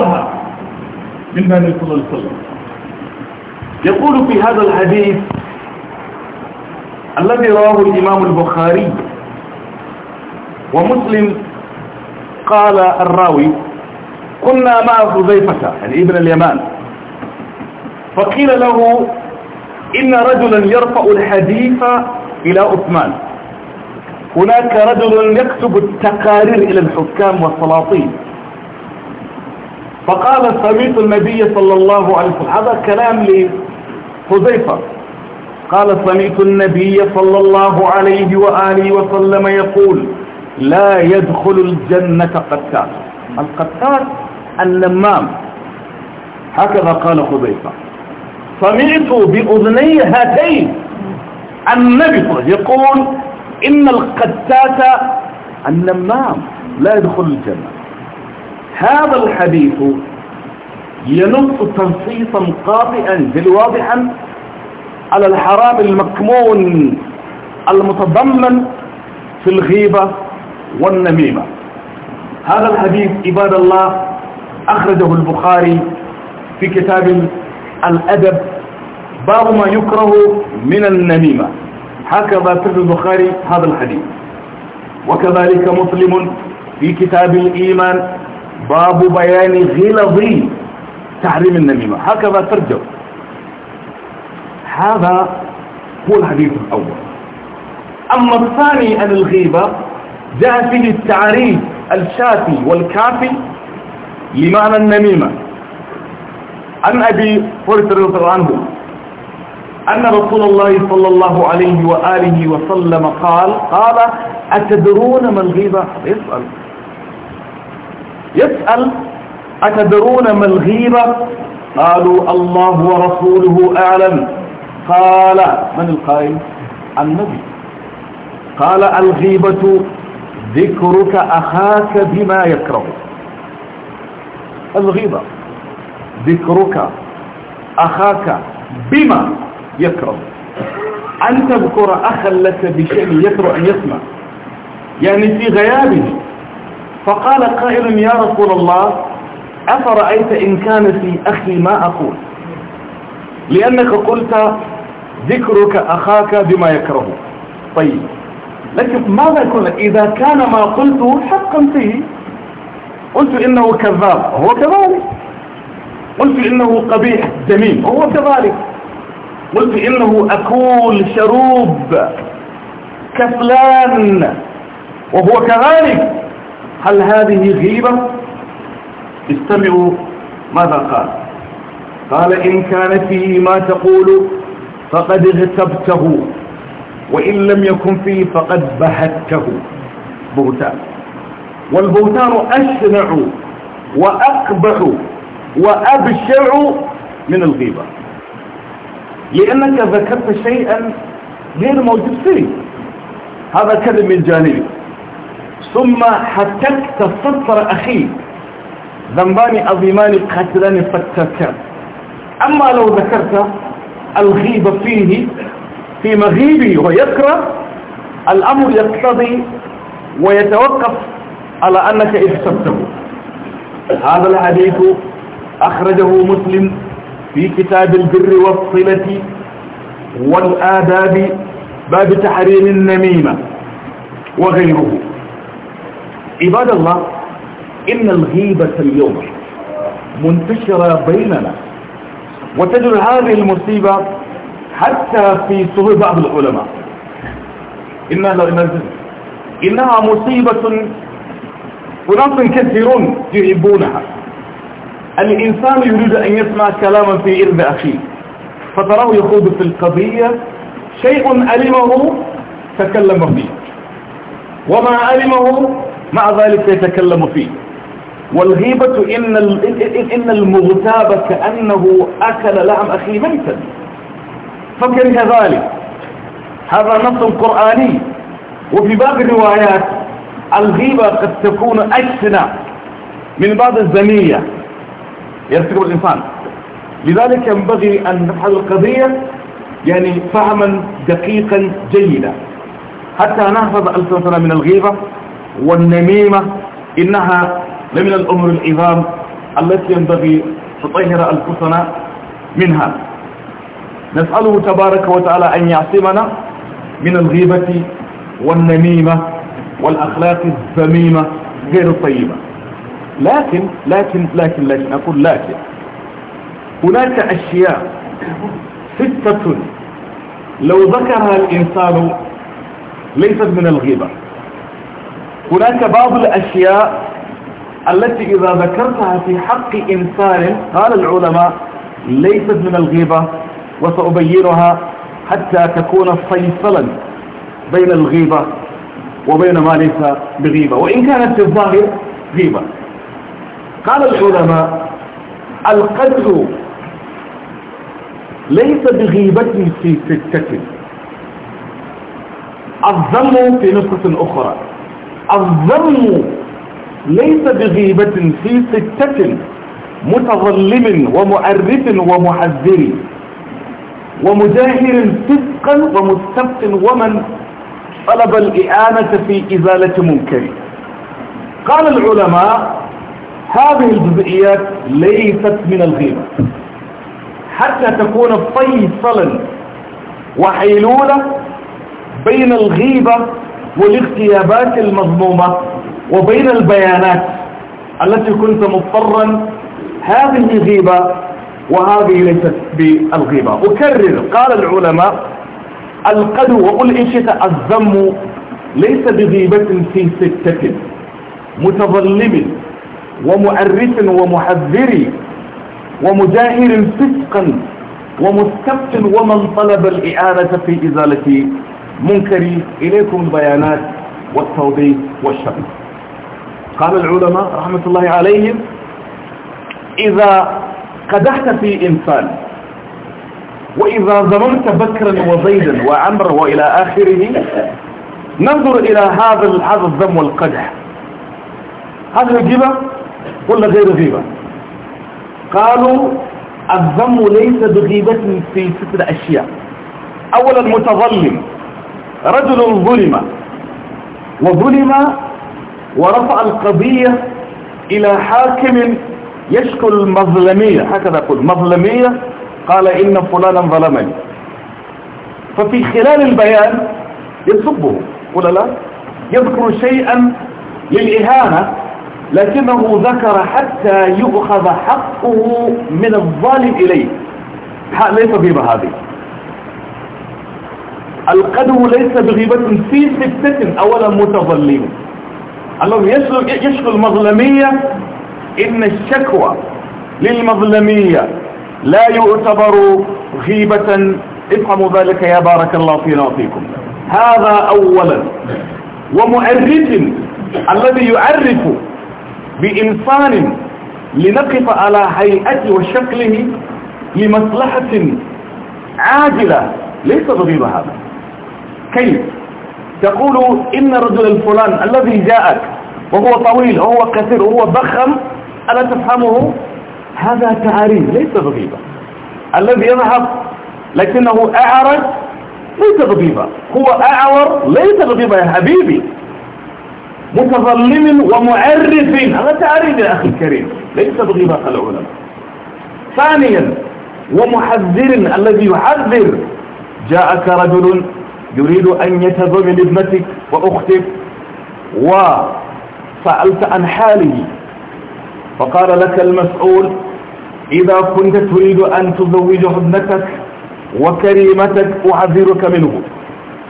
بعضها مما صلى الله عليه وسلم يقول في هذا الحديث الذي رواه الإمام البخاري ومسلم قال الراوي كنا مع حذيفة يعني ابن اليمان فقيل له إن رجلا يرفع الحديث إلى عثمان هناك رجل يكتب التقارير إلى الحكام والسلاطين فقال صميت النبي صلى الله عليه وسلم هذا كلام لحذيفة قال صميت النبي صلى الله عليه وآله وسلم يقول لا يدخل الجنة قتال القتال اللمام هكذا قال خبيثة سمعت بأذني هاتين النبي صلى الله عليه يقول إن القتال اللمام لا يدخل الجنة هذا الحديث ينص تنصيصا قاطئا بل واضحا على الحرام المكمون المتضمن في الغيبة والنميمة هذا الحديث عباد الله أخرجه البخاري في كتاب الأدب باب ما يكره من النميمة هكذا في البخاري هذا الحديث وكذلك مسلم في كتاب الإيمان باب بيان غلظ تحريم النميمة هكذا ترجم هذا هو الحديث الأول أما الثاني عن الغيبة جاء فيه التعريف الشافي والكافي لمعنى النميمة عن أبي فرد رضي الله عنه أن رسول الله صلى الله عليه وآله وسلم قال قال أتدرون ما الغيبة؟ يسأل يسأل أتدرون ما الغيبة قالوا الله ورسوله أعلم قال من القائل النبي قال الغيبة ذكرك أخاك بما يكره الغيبة ذكرك أخاك بما يكره أن تذكر أخا لك بشيء يكره أن يسمع يعني في غيابه فقال قائل يا رسول الله أفرأيت إن كان في أخي ما أقول لأنك قلت ذكرك أخاك بما يكره طيب لكن ماذا يكون إذا كان ما قلته حقا فيه قلت إنه كذاب هو كذلك قلت إنه قبيح جميل هو كذلك قلت إنه أكول شروب كفلان وهو كذلك هل هذه غيبة استمعوا ماذا قال قال إن كان فيه ما تقول فقد اغتبته وإن لم يكن فيه فقد بهته بهتان والبهتان أشنع وأقبح وأبشع من الغيبة لأنك ذكرت شيئا غير موجود فيه هذا كلم من جانبك ثم حتكت سطر أخيك ذنبان عظيمان قاتلان فتكان أما لو ذكرت الغيب فيه في مغيبي ويكره الأمر يقتضي ويتوقف على أنك إذ هذا الحديث أخرجه مسلم في كتاب البر والصلة والآداب باب تحريم النميمة وغيره عباد الله إن الغيبة اليوم منتشرة بيننا وتجر هذه المصيبة حتى في صدور بعض العلماء إنها لا ينزل إنها مصيبة أناس كثيرون يحبونها الإنسان يريد أن يسمع كلاما في إذن أخيه فتراه يخوض في القضية شيء ألمه تكلم فيه وما ألمه مع ذلك يتكلم فيه والغيبة إن, إن المغتاب كأنه أكل لحم أخي ميتا فكره ذلك هذا نص قرآني وفي بعض الروايات الغيبة قد تكون أجسنا من بعض الزنية يرتكب الإنسان لذلك ينبغي أن نفعل القضية يعني فهما دقيقا جيدا حتى نحفظ ألسنتنا من الغيبة والنميمة إنها لمن الأمر العظام التي ينبغي تطهر أنفسنا منها نسأله تبارك وتعالى أن يعصمنا من الغيبة والنميمة والأخلاق الذميمة غير الطيبة لكن لكن لكن لكن أقول لكن هناك أشياء ستة لو ذكرها الإنسان ليست من الغيبة هناك بعض الأشياء التي إذا ذكرتها في حق إنسان قال العلماء ليست من الغيبة وسأبينها حتى تكون فيصلا بين الغيبة وبين ما ليس بغيبة وإن كانت في الظاهر غيبة قال العلماء القدر ليس بغيبة في ستة الظلم في نسخة أخرى الظلم ليس بغيبة في ستة متظلم ومؤرف ومحذر ومجاهر صدقا ومستبق ومن طلب الإعانة في إزالة منكر قال العلماء هذه الجزئيات ليست من الغيبة حتى تكون فيصلا وحيلولة بين الغيبة والاغتيابات المظلومة وبين البيانات التي كنت مضطرا هذه غيبة وهذه ليست بالغيبة أكرر قال العلماء القدو وقل إن شئت الذم ليس بغيبة في ستة متظلم ومعرف ومحذر ومجاهر صدقا ومستفت ومن طلب الإعانة في إزالة منكري إليكم البيانات والتوضيح والشرح قال العلماء رحمة الله عليهم إذا قدحت في إنسان وإذا ظلمت بكرا وزيدا وعمرا وإلى آخره ننظر إلى هذا هذا الذم والقدح هل هي غيبة ولا غير غيبة قالوا الذم ليس بغيبة في ستة أشياء أولا متظلم رجل ظلم وظلم ورفع القضية إلى حاكم يشكو المظلمية هكذا أقول مظلمية قال إن فلانا ظلمني ففي خلال البيان يسبه ولا لا يذكر شيئا للإهانة لكنه ذكر حتى يؤخذ حقه من الظالم إليه ليس هذه القدو ليس بغيبة في ستة أولا متظلين اللهم يشكو المظلمية إن الشكوى للمظلمية لا يعتبر غيبة افهموا ذلك يا بارك الله فينا وفيكم هذا أولا ومعرف الذي يعرف بإنسان لنقف على هيئته وشكله لمصلحة عاجلة ليس ضغيب هذا كيف تقول إن الرجل الفلان الذي جاءك وهو طويل وهو كثير وهو ضخم ألا تفهمه هذا تعريف ليس بغيبة الذي يذهب لكنه أعرج ليس بغيبة هو أعور ليس بغيبة يا حبيبي متظلم ومعرف هذا تعريف يا أخي الكريم ليس بغيبة العلماء ثانيا ومحذر الذي يحذر جاءك رجل يريد أن يتزوج ابنتك وأختك وسألت عن حاله فقال لك المسؤول إذا كنت تريد أن تزوج ابنتك وكريمتك أعذرك منه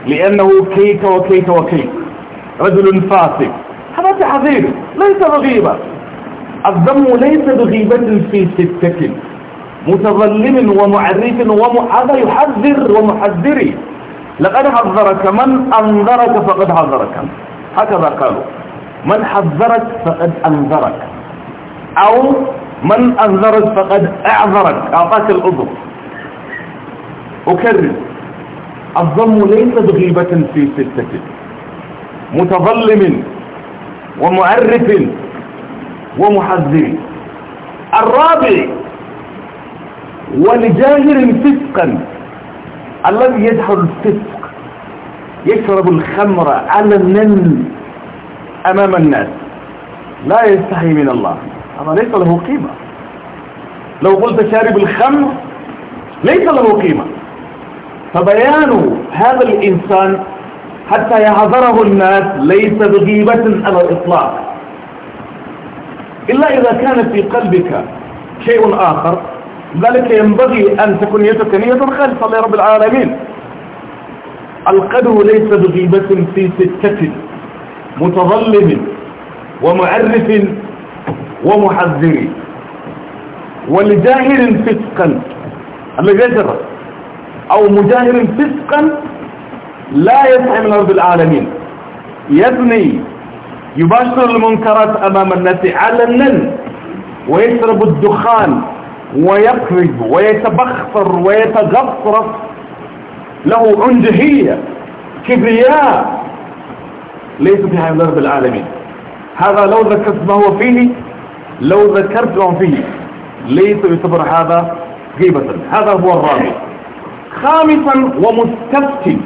لأنه كيت وكيت وكيت رجل فاسق هذا تعذير ليس بغيبة الذم ليس بغيبة في ستة متظلم ومعرف ومعذر يحذر ومحذري لقد حذرك من أنذرك فقد حذرك هكذا قالوا من حذرك فقد أنذرك أو من أنذرك فقد أعذرك أعطاك الأذر أكرر الظلم ليس بغيبة في ستة متظلم ومعرف ومحذر الرابع ولجاهر فسقا الذي يدخل الفسق يشرب الخمر علنا أمام الناس لا يستحي من الله هذا ليس له قيمة لو قلت شارب الخمر ليس له قيمة فبيان هذا الإنسان حتى يحذره الناس ليس بغيبة على الإطلاق إلا إذا كان في قلبك شيء آخر ذلك ينبغي أن تكون يدك نية خالصة لرب العالمين القدر ليس بغيبة في ستة متظلم ومعرف ومحذر ولجاهل فسقا الذي يجرى أو مجاهل فسقا لا يسعى من رب العالمين يبني يباشر المنكرات أمام الناس علنا ويشرب الدخان ويقرب ويتبخر ويتجفرف له عنجهية كبرياء ليس في هذا رب العالمين هذا لو ذكرت ما هو فيه لو ذكرت ما هو فيه ليس يعتبر هذا غيبة هذا هو الرابع خامسا ومستفتي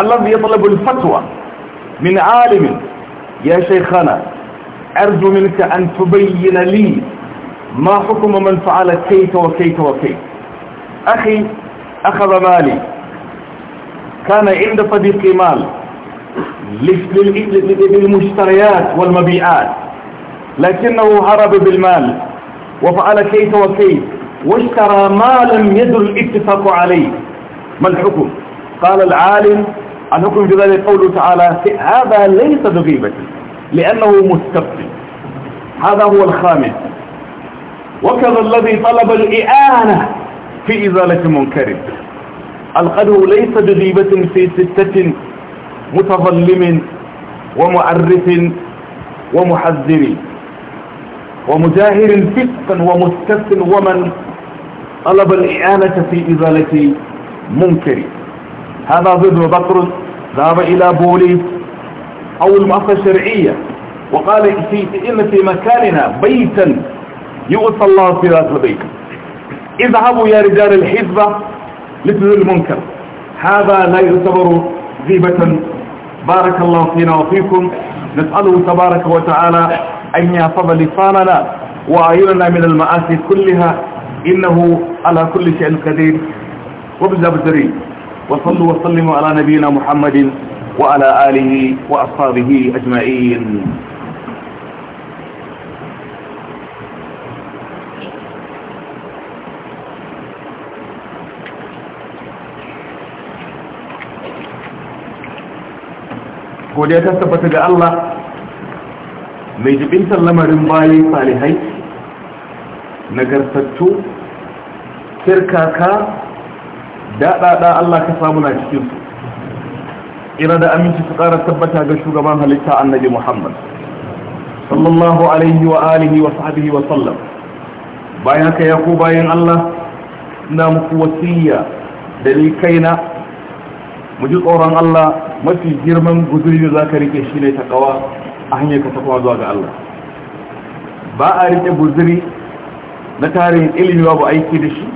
الذي يطلب الفتوى من عالم يا شيخنا أرجو منك أن تبين لي ما حكم من فعل كيت وكيت وكيت أخي أخذ مالي كان عند صديقي مال للمشتريات والمبيعات لكنه هرب بالمال وفعل كيت وكيت واشترى ما لم يدر الاتفاق عليه ما الحكم قال العالم الحكم في ذلك قوله تعالى هذا ليس بغيبة لأنه مستقبل هذا هو الخامس وكذا الذي طلب الإعانة في إزالة منكر القدو ليس جذيبة في ستة متظلم ومعرف ومحذر ومجاهر فتقا ومستف ومن طلب الإعانة في إزالة منكر هذا ضد بكر ذهب إلى بوليس أو المعصى الشرعية وقال في إن في مكاننا بيتا يؤتى الله صراط لبيك اذهبوا يا رجال الحزبة لتذل المنكر هذا لا يعتبر غيبة بارك الله فينا وفيكم نسأله تبارك وتعالى أن يحفظ لساننا وأعيننا من المآسي كلها إنه على كل شيء قدير وبالجبزري وصلوا وسلموا على نبينا محمد وعلى آله وأصحابه أجمعين godiya ta tabbata ga Allah mai jibintar lamarin bayi salihai nagartattu kirkaka daɗaɗa Allah ka samu na cikinsu ira da aminci su ƙara tabbata ga shugaban halitta annabi Muhammad sallallahu alaihi wa alihi wa sahbihi wa sallam bayan haka ya bayan Allah na muku wasiya da ni kaina mu ji tsoron Allah mafi girman guzuri da za ka rike shi ne takawa a hanyar ka tafawa zuwa ga Allah ba a rike guzuri na tarihin ilimi babu aiki da shi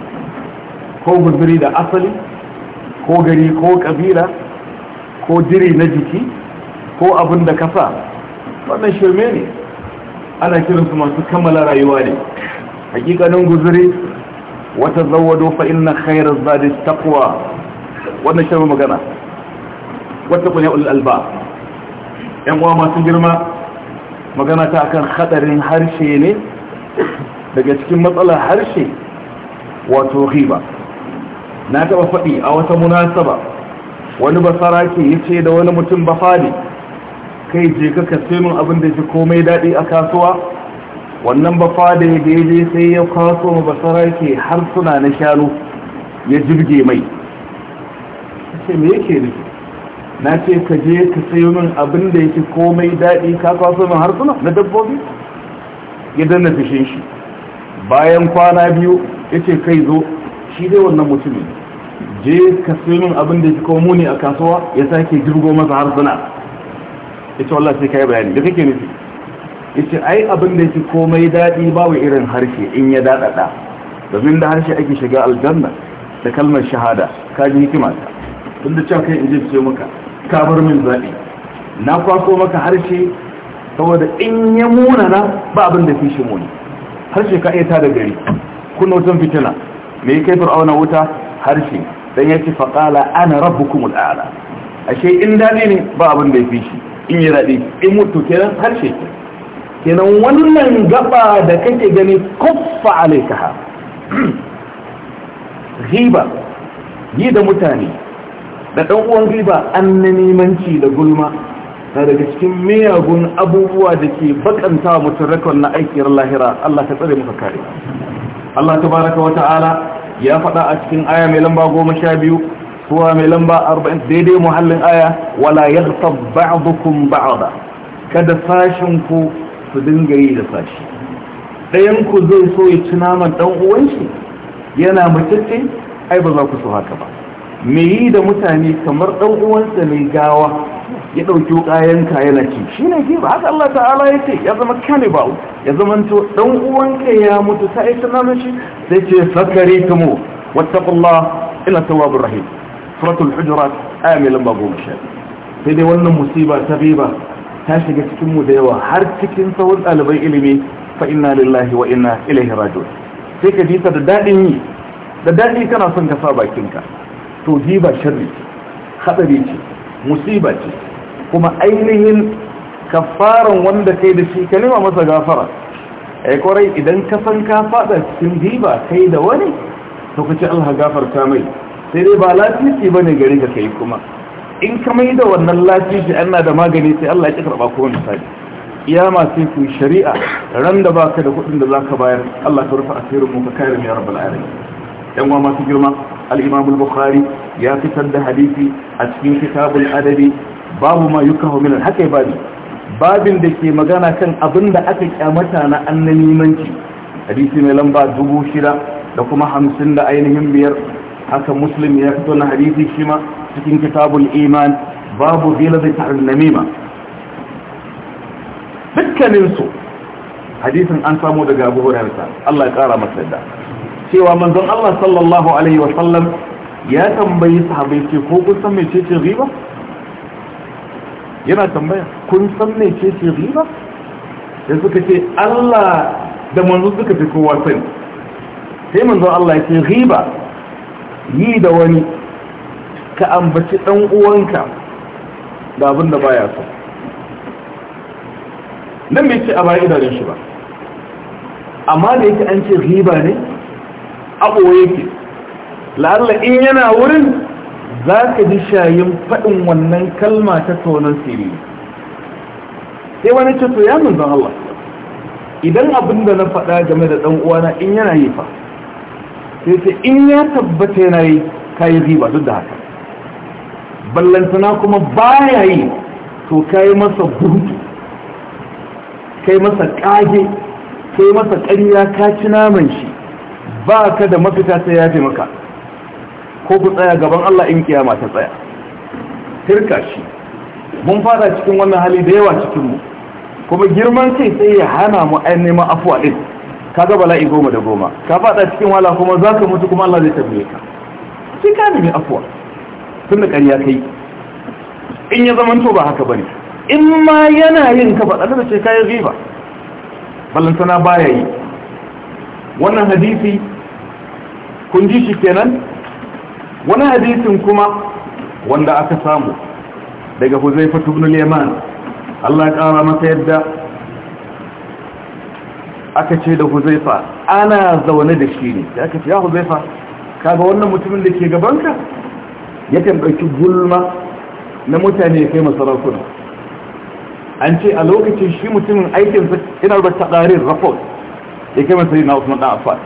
ko guzuri da asali ko gari ko kabila ko jiri na jiki ko abin da kasa wannan shirme ne ana kiransu masu kammala rayuwa ne hakikanin guzuri wata zawado fa inna khairar zadis taqwa wannan shirin magana wata kunya alba yan uwa masu girma magana ta akan hadarin harshe ne daga cikin matsalar harshe wato riba na taba faɗi a wata munasaba wani basara ke yace da wani mutum bafadi kai je ka kace min abin da fi komai daɗi a kasuwa wannan bafadi da ya je sai ya kwaso basara ke har suna na shanu ya jirge mai ce me yake nufi na ce ka je ka sayo min abin da yake komai daɗi ka kwaso min harsuna na dabbobi ya danna fishin shi bayan kwana biyu ya ce kai zo shi dai wannan mutumin je ka sayo min abin da yake kawo muni a kasuwa ya sake jirgo masa harsuna ya ce wallah sai ka yi bayani da kake nufi ya ce ai abin da yake komai daɗi wa irin harshe in ya daɗaɗa domin da harshe ake shiga aljanna da kalmar shahada ka ji hikimata tun da cewa kai in ji ce maka ka bar min zaɓi na kwaso maka harshe saboda in ya munana ba abin da fi shi muni harshe ka iya tada gari kuna wutan fitina me ya kai fir'auna wuta harshe dan ya ce faƙala ana rabbukumul a'la ashe in dadi ne ba abin da fi shi in yi raɗi in mutu kenan harshe kenan wannan gaba da kake gani kuffa alaikaha ghiba yi da mutane da ɗan uwan riba an na nimanci da gulma na daga cikin miyagun abubuwa da ke bakanta mutum rakon na aikiyar lahira Allah ta tsare muka kare Allah ta baraka wa ta'ala ya faɗa a cikin aya mai lamba goma sha biyu suwa mai lamba arba'in daidai muhallin aya wala ta ba'adukun ba'ada kada sashin ku su dinga yi da sashi ɗayan ku zai so ya ci naman ɗan uwan yana mutunce ai ba za ku so haka ba me yi da mutane kamar ɗan uwansa mai gawa ya ɗauki kayan ka yana ci shi ne ke ba haka Allah ta'ala ya ya zama cannibal ya zama to ɗan uwanka ya mutu ta yi tunanin shi sai ce fakari tumo wattakullah ila tawabur rahim suratul hujurat aya mai lamba sai dai wannan musiba ta riba ta shiga cikin mu da yawa har cikin sauran ɗalibai ilimi fa inna lillahi wa inna ilaihi raji'un sai ka da yi da daɗi kana son ka sa bakinka to hiba sharri hadari ce musiba ce kuma ainihin kafaran wanda kai da shi kalima masa gafara ai eh, kwarai idan ka san ka fada cikin hiba kai da wani to kace Allah gafarta mai sai dai ba lafiya bane gari ka kai kuma in ka mai da wannan lafiya ana da magani sai Allah ya ki karba ko misali kiyama sai ku shari'a ran da baka da kudin da zaka bayar Allah ka rufa asirin mu ka kare mu ya rabbal alamin yan uwa masu girma al-imam al-bukhari ya fitar da hadisi a cikin kitabul adabi babu ma yukahu min al-haqi babin da ke magana kan abinda da aka kyamata na annanimanci hadisi mai lamba dubu shida da kuma hamsin da ainihin biyar haka muslim ya fito na hadisi shi ma cikin kitabul iman babu zila da ta'ar namima dukkaninsu hadisin an samu daga abu hurarsa Allah ya kara masa yadda cewa manzon Allah sallallahu alaihi wasallam ya tambayi sahabbai ce ko kun san mece ce riba yana tambaya kun san mece ce riba da suka ce Allah da manzo suka fi kowa sani sai manzon Allah ya ce riba yi da wani ka ambaci dan uwanka da abin da baya so nan bai ce a baya idanun shi ba amma da yake an ce riba ne abuwa yake la'alla in yana wurin za ka ji shayin faɗin wannan kalma ta tonon siri sai wani cuto ya mun zan Allah idan abin da na faɗa game da ɗan uwana in yana yi fa sai sai in ya tabbata yana yi ka yi riba duk da haka ballantana kuma baya yi to ka yi masa ka yi masa ƙage ka yi masa ƙarya ka ci naman shi ba ka da mafita sai ya fi maka ko ku tsaya gaban Allah in kiyama ta tsaya shirka shi mun fara cikin wannan hali da yawa cikinmu kuma girman kai sai ya hana mu ai neman afuwa din ka ga bala'i goma da goma ka fada cikin wala kuma za ka mutu kuma Allah zai tabbe ka sai ka nemi afuwa tun da ƙarya kai in ya zama to ba haka bane in ma yana yin ka faɗa da ce kayan riba ballantana baya yi wannan hadisi kun ji shi kenan wani hadisin kuma wanda aka samu daga huzaifa ibn al-yaman Allah ya kara masa yadda aka ce da huzaifa ana zaune da shi ne da aka ce ya huzaifa kaga wannan mutumin da ke gabanka yakan ɗauki gulma na mutane kai masarakuna an ce a lokacin shi mutumin aikinsa ina rubuta ɗarin rapport ya kai masarina usman ɗan affan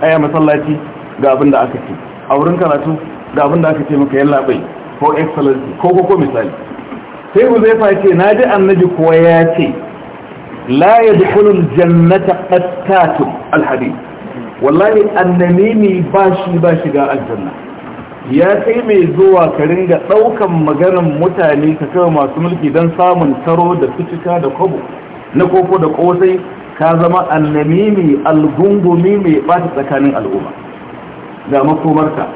aya masallaci ga abin da aka ce a wurin karatu ga abin da aka ce maka yalla bai ko excellency ko ko misali sai fa ce na ji annabi kuwa ya ce la yadkhulul jannata qattatu alhadith wallahi annamimi ba shi ba shiga aljanna ya kai mai zuwa ka ringa daukan maganar mutane ka kawo masu mulki don samun taro da fitika da kwabo na koko da kosai ka zama annamimi algungumi mai ɓata tsakanin al'umma ga makomarta.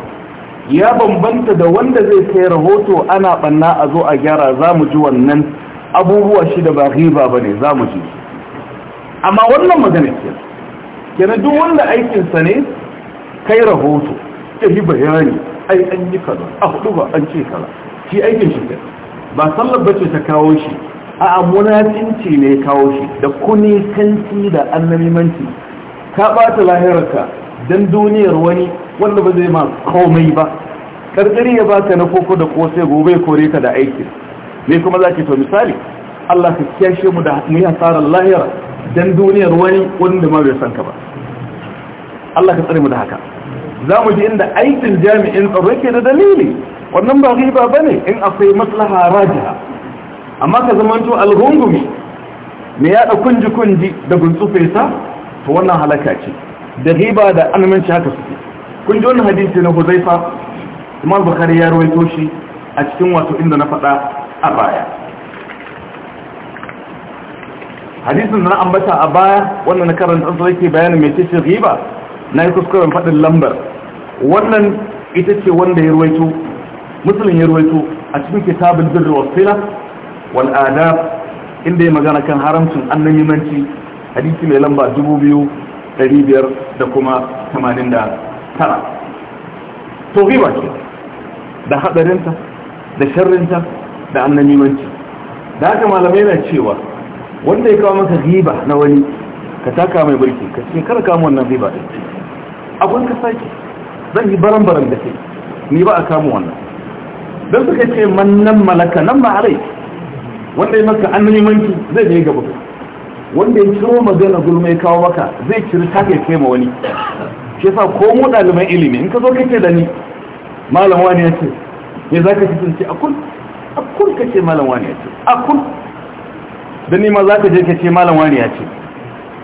ya bambanta da wanda zai kai rahoto ana banna a zo a gyara za mu ji wannan abubuwa shi da ba riba ba ne za mu ji amma wannan magana ke Yana duk wanda aikinsa ne kai rahoto ta yi bayani ai an yi kaza a hudu ba an ce kaza shi aikin shi ne ba sallar bace ta kawo shi a munafinci ne kawo shi da kuni kanti da annabimanci ka ɓata lahirarka don duniyar wani wanda ba zai ma komai ba karkari ya baka na koko da kose gobe kore ka da aiki me kuma za ki to misali Allah ka kiyashe mu da mu yi hasarar lahira dan duniyar wani wanda ma bai san ka ba Allah ka tsare mu da haka za mu ji inda aikin jami'in tsaro ke da dalili wannan ba riba bane in akwai maslaha rajiha amma ka zamanto alhungumi me ya da kunji kunji da guntsufe ta? to wannan halaka ce da riba da aminci haka suke kun ji wannan hadisi na huzaifa imam bukari ya rawaito shi a cikin wato inda na faɗa a baya hadisin da na ambata a baya wannan na karanta tsantsa yake bayanin mai cikin riba na yi kuskuren faɗin lambar wannan ita ce wanda ya ruwaito musulun ya ruwaito a cikin kitabul birri wa sila wal adab inda ya magana kan haramcin annamimanci hadisi mai lamba 2500 da kuma 84 tara to riba ce da hadarinta da sharrinta da annamimanci da haka malamai na cewa wanda ya kawo maka riba na wani ka taka mai burki ka ce kar kama wannan riba din abun ka sake zan yi baran-baran da ke ni ba a kamu wannan don suka ce mannan malaka nan ba a wanda ya maka annamimanci zai je gaba wanda ya ciro magana gulma ya kawo maka zai ciri take kai ma wani shi yasa ko mu ɗaliban ilimi in ka zo kace da ni malam wani ya ce me za ka fitin ce akul akul ka ce malam wani ya ce akul da ni ma za ka je ka ce malam wani ya ce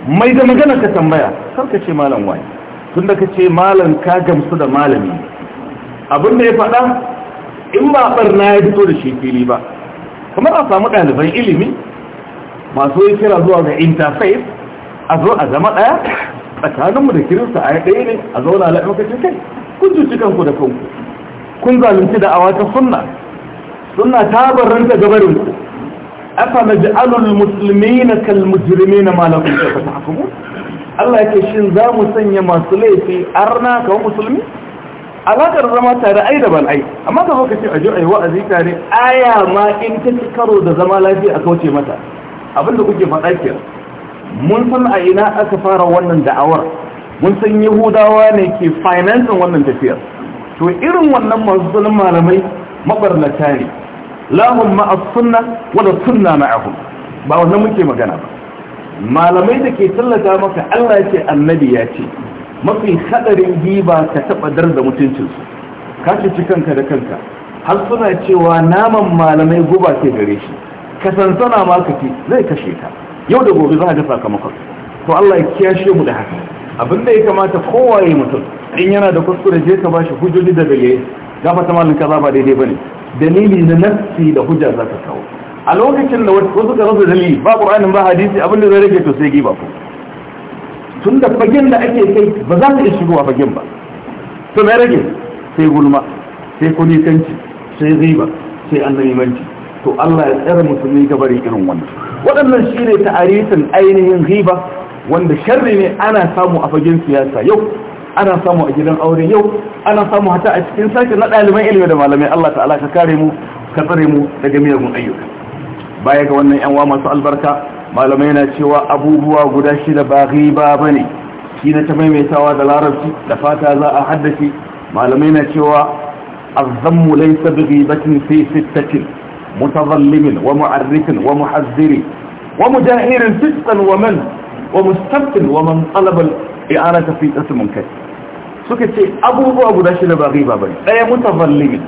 mai da magana ka tambaya kar ka ce malam wani tun da ka ce malam ka gamsu da malami abin da ya faɗa in ba barna ya fito da shi fili ba kamar a samu ɗaliban ilimi masu yi kira zuwa ga interface a zo a zama ɗaya tsakaninmu da kirista a ɗaya ne a zauna a maka kai kun cuci kanku da kanku kun zalunci da awatan sunna sunna ta barranta gabarin ku afa naj'alul muslimina kal mujrimina ma lakum kayfa Allah yake shin za mu sanya masu laifi arna ka musulmi alakar zama tare ai da ban ai amma ka zo ka ce a ji ai wa'azi tare aya ma in ta ci karo da zama lafiya a kauce mata abinda kuke faɗa kenan mun san a ina aka fara wannan da'awar mun san yahudawa ne ke finansin wannan tafiyar to irin wannan masu zulun malamai mabarnata ne lahun ma'as sunna wadda sunna ma'ahum ba wannan muke magana ba malamai da ke tallata maka Allah ce annabi ya ce mafi hadarin giba ka taba darda mutuncinsu ka ci kanka da kanka har suna cewa naman malamai guba ke gare shi ka sansana ma zai kashe ka yau da gobe za a ga sakamakon to Allah ya kiyashe mu da haka abin da ya kamata kowa ya yi mutum in yana da kuskure je ka bashi hujjoji da dalilai ta malin kaza ba daidai ba ne. dalili na nafsi da hujja za ka kawo a lokacin da wasu ka rasa dalili ba qur'anin ba hadisi abin da zai rage to sai giba ku tun da fagen da ake kai ba za ka iya a fagen ba to mai rage sai gulma sai kunikanci sai riba sai annabimanci to Allah ya tsare musulmi bari irin wannan waɗannan shi ne ta'arifin ainihin riba wanda sharri ne ana samu a fagen siyasa yau ana samu a gidan aure yau ana samu hata a cikin sashen na ɗaliban ilimi da malamai Allah ta'ala ka kare mu ka tsare mu daga miyagun ayyuka baya ga wannan yan masu albarka malamai na cewa abubuwa guda shida ba riba bane shi na ta maimaitawa da larabci da fata za a haddace malamai na cewa azzammu laysa bi ghibatin fi sittatin متظلم ومعرف ومحذر ومجاهر صدقا ومن ومستبطن ومن طلب الإعانة في قسم منكر suka ce abubuwa guda shida ba riba bane daya mutazallimi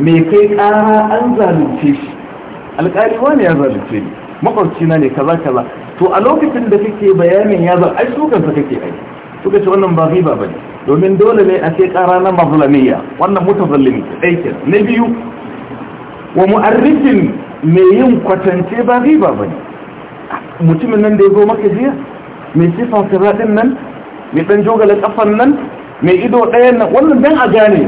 me kai ƙara an zalunce shi alƙali wani ya zalunce ni makwabci na ne kaza kaza to a lokacin da kake bayanin ya zal ai sukan sa kake ai suka ce wannan ba riba bane domin dole ne a kai ƙara na mazlamiya wannan mutazallimi dai ke na biyu wa mu'arrifin mai yin kwatance ba riba ba ne mutumin nan da ya zo maka jiya mai sifan sirraɗin nan mai ɗan jogala ƙafan nan mai ido ɗayan nan wannan dan a gane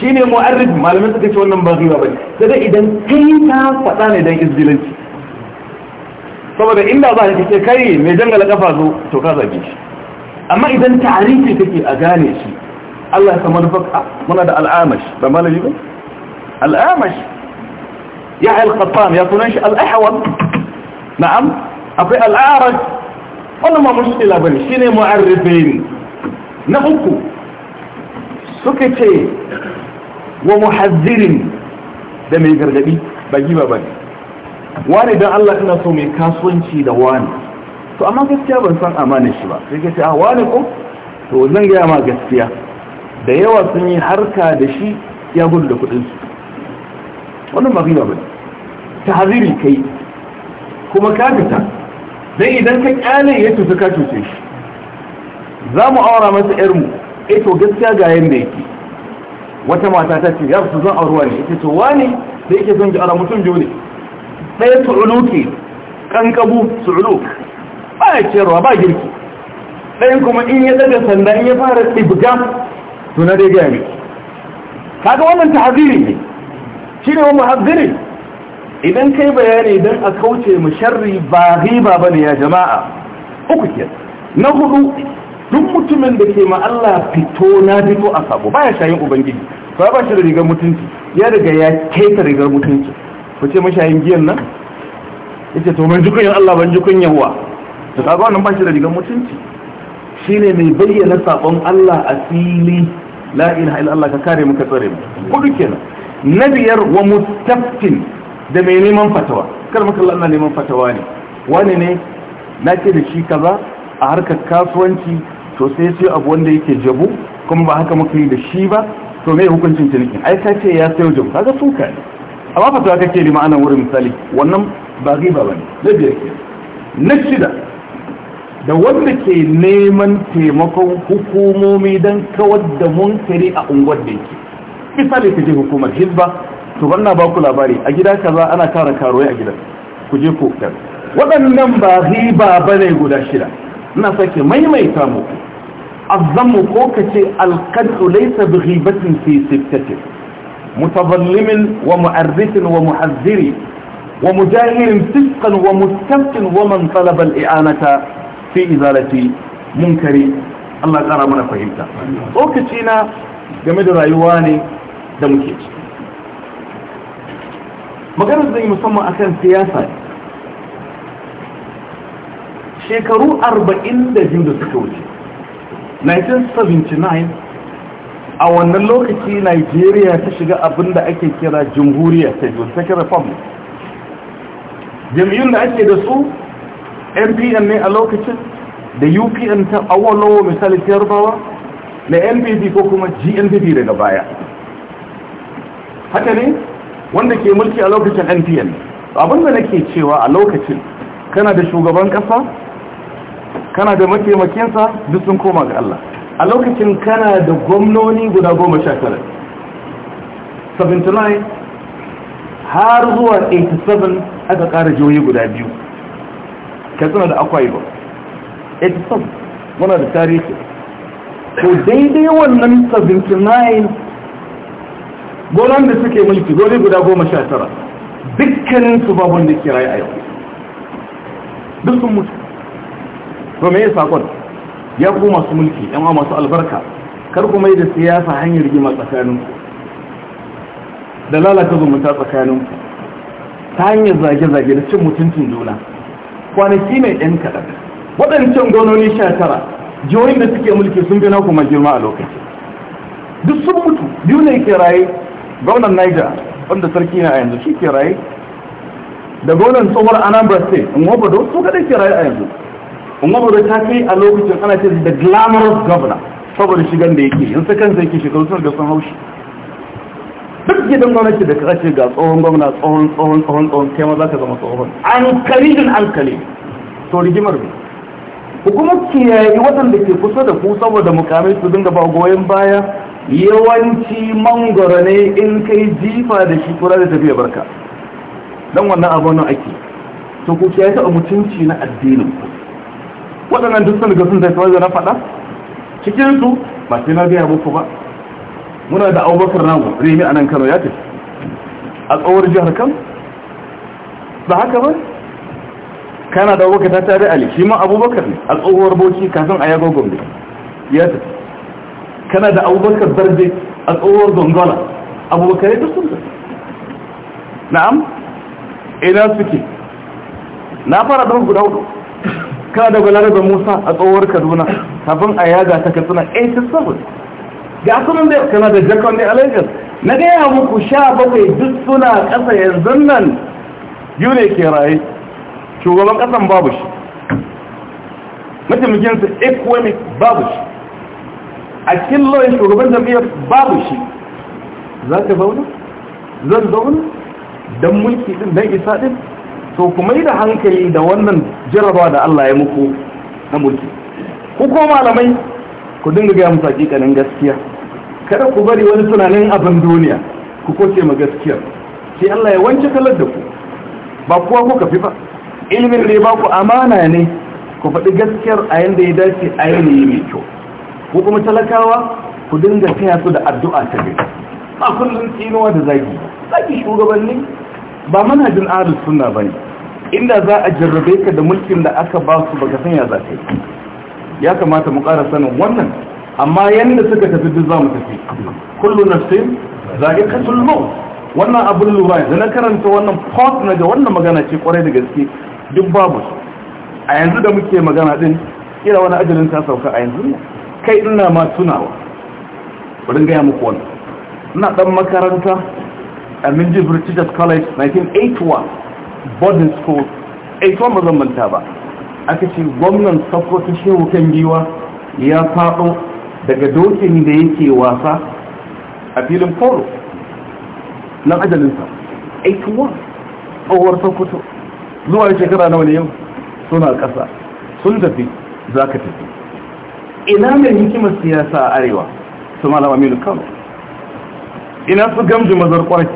shi ne mu'arrif malamin suka ce wannan ba riba ba ne sai dai idan kai ta faɗa ne don izgilanci saboda inda za ka ce kai mai jangala ƙafa zo to ka zage shi amma idan ta'arifi kake a gane shi Allah ya samar baka muna da al'amash ba malami ba al'amash yahya al-qattan ya sunan shi al-ahwad na'am akwai al-a'raj wannan ma mushkila bane shine mu'arrifin na uku suka ce wa muhaddirin da mai gargadi ba giba bane wani dan Allah ina so mai kasuwanci da wani to amma gaskiya ban san amanin shi ba sai ka ce ah wani ko to zan ga ma gaskiya da yawa sun yi harka da shi ya gudu da kudin su wannan ba giba bane tahziri kai kuma ka fita dan idan ka kyale ya tuta ka tuce shi za mu aura masa yar mu eh to gaskiya ga yanda yake wata mata ta ce ya su zan auruwa ne ita to wani da yake son jara mutum biyu ne ɗaya su'uluki kankabu su'uluk ba ya ciyarwa ba girki ɗayan kuma in ya daga sanda in ya fara tsibga. to na dai gaya ne kaga wannan tahaziri ne shi ne wa muhazziri idan kai bayani don a kauce mu sharri ba riba bane ya jama'a uku ke na hudu duk mutumin da ke ma Allah fito na fito a sabo baya shayin ubangiji ba ba shi da rigar mutunci ya riga ya keta rigar mutunci ku ce mashayin giyan nan yace to ban ji kunyan Allah ban ji kunyan wa to kaga wannan ba shi da rigar mutunci shine mai bayyana sabon Allah a fili la ilaha illallah ka kare mu ka tsare mu kudu kenan na biyar wa mustaftin da mai neman fatawa kar maka Allah neman fatawa ne wani ne na ce da shi kaza a harkar kasuwanci to sai sai abu wanda yake jabu kuma ba haka muka yi da shi ba to mai hukuncin cinikin ai ka ce ya sayo jabu kaga suka ne amma fatawa kake da ma'anar wurin misali wannan ba riba ne da biyar ke na shida da wanda ke neman taimakon hukumomi don kawar da munkari a unguwar da yake misali ka je hukumar hizba to wannan ba ku labari a gida kaza ana kara karuwai a gidan ku je ku dan waɗannan ba riba bane guda shida ina sake maimaita mu azzamu ko kace alqadu laysa bi ghibatin fi sittatin mutadallim wa mu'arrif wa muhazzir wa mujahir fisqan wa mustaqin wa man talaba al-i'anata fi izalati munkari Allah ya kara mana fahimta lokaci na game da rayuwa ne da muke ciki maganar zai musamman akan siyasa shekaru 40 da da suka wuce 1979 a wannan lokaci Najeriya ta shiga abin da ake kira jamhuriya ta kira republic jam'iyyun da ake da su npn ne a lokacin da upn ta awolowo misali yarbawa na npd ko kuma gnpd daga baya haka ne wanda ke mulki a lokacin NPN abinda nake cewa a lokacin kana da shugaban kasa kana da mataimakinsa duk sun koma ga Allah a lokacin kana da gwamnoni guda goma sha tara 79 har zuwa 87 aka ƙara jihohi guda biyu ka suna da akwai ba 87 muna da tarihi ko daidai wannan 79 gonan da suke mulki gole guda goma sha tara dukkanin su ba wanda ke rayu a yau duk sun mutu to me ya sakon ya ku masu mulki yan masu albarka kar ku mai da siyasa hanyar gima tsakanin da lalata zumunta tsakanin ta hanyar zage-zage da cin mutuncin juna kwanaki mai yan kaɗan waɗancan gononi sha tara jihohin da suke mulki sun bi na kuma girma a lokaci duk sun mutu biyu ne ke raye gwamnan niger wanda sarki na a yanzu shi ke raye da gwamnan tsohuwar anambra state Bado su kadai ke raye a yanzu Bado ta kai a lokacin ana ce da glamorous governor saboda shigan da yake yanzu zai ke shekaru sun da sun haushi duk gidan gwamnati da ce ga tsohon gwamna tsohon tsohon tsohon tsohon kai ma za ka zama tsohon an kalilin an kali to rigimar ne hukumar kiyaye waɗanda ke kusa da ku saboda mukamai su dinga ba goyon baya yawanci mangoro ne in kai jifa da shi kura da tafiya barka don wannan abu wani ake to ku kiyaye taɓa mutunci na addinin ku waɗannan duk sun ga sun zai wajen na faɗa cikin ba sai na gaya muku ba muna da abubakar namu remi a nan kano ya tafi a tsawar jihar kan ba haka ba kana da abubakar ta tare ali shi ma abubakar ne a tsohuwar boki kafin a yago gombe ya tafi kana da abubakar barbe a tsohuwar dongola abubakar da sun na'am ina suke na fara don guda hudu kana da balaraba musa a tsohuwar kaduna kafin a yaga ta katsina 87 ga sunan da kana da jakon ne alaikar na gaya muku sha bakwai duk suna ƙasa yanzu nan biyu ne ke raye shugaban ƙasan babu shi mataimakinsa economic babu shi a cikin lauyin shugaban jam'iyyar babu shi za ka zauna zan zauna don mulki din don isa din to kuma yi da hankali da wannan jarabawa da Allah ya muku na mulki ku ko malamai ku dinga gaya musu hakikanin gaskiya kada ku bari wani tunanin abin duniya ku koce ma gaskiya sai Allah ya wanke kalar da ku ba kuwa kuka fi ba ilimin da ya ba ku amana ne ku faɗi gaskiyar a yanda ya dace a yanayi mai kyau ko kuma talakawa ku dinga taya su da addu'a ta ne a kullum tsinuwa da zagi zagi shugabanni ba manajin suna ba ne. inda za a jarrabe ka da mulkin da aka ba su baka san ya za yi ya kamata mu kara sanin wannan amma yanda suka tafi duk za mu tafi sai zagi ka maut wannan abin lura da na karanta wannan post na ga wannan magana ce kwarai da gaske duk babu a yanzu da muke magana din kira wani ajalin ta sauka a yanzu ne kai ina ma tunawa bari gaya muku wani ina dan makaranta a minji british college 1981 boarding school 81 ba zan manta ba aka ce gwamnan sakwata shehu kan giwa ya faɗo daga dokin da yake wasa a filin foro nan ajalinsa 81 tsohuwar sakwato zuwa shekara nawa ne yau suna ƙasa sun tafi za ka tafi ina mai hikimar siyasa a arewa su malama milu kano ina su gamji mazar kwaki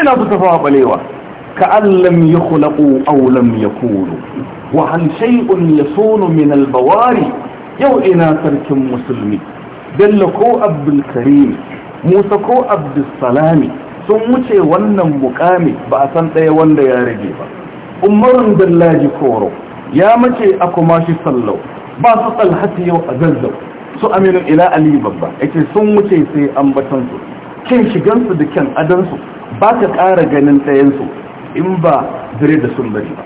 ina su tafawa balewa ka allam ya kulaku aulam ya kuru wa halshai'un ya sono min albawari yau ina sarkin musulmi bello ko abdulkarim musa ko abdulsalami sun wuce wannan mukami ba a san ɗaya wanda ya rage ba umarun dallaji koro ya mace a kuma shi sallau ba su talhati yau a zazzau su aminu ila ali babba yake sun wuce sai batan su kin shigan su da kyan adansu ba ta ƙara ganin ɗayan in ba dire da sun bari ba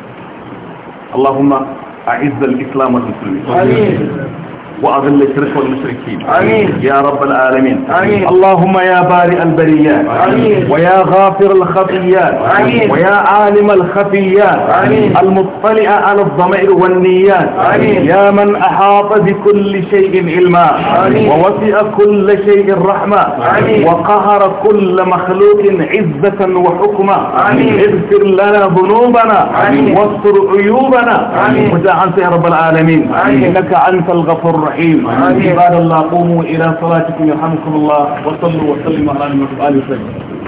Allahumma a'izzal islam wal amin وأذل الشرك والمشركين آمين يا رب العالمين آمين اللهم يا بارئ البريات آمين ويا غافر الخطيات آمين ويا عالم الخفيات آمين المطلع على الضمائر والنيات آمين يا من أحاط بكل شيء علما آمين ووسع كل شيء رحمة آمين وقهر كل مخلوق عزة وحكمة آمين اغفر لنا ذنوبنا آمين واستر عيوبنا آمين وجعلت يا رب العالمين آمين إنك أنت الغفور الرحيم عباد الله قوموا إلى صلاتكم يرحمكم الله وصلوا وسلموا على محمد وآله وسلم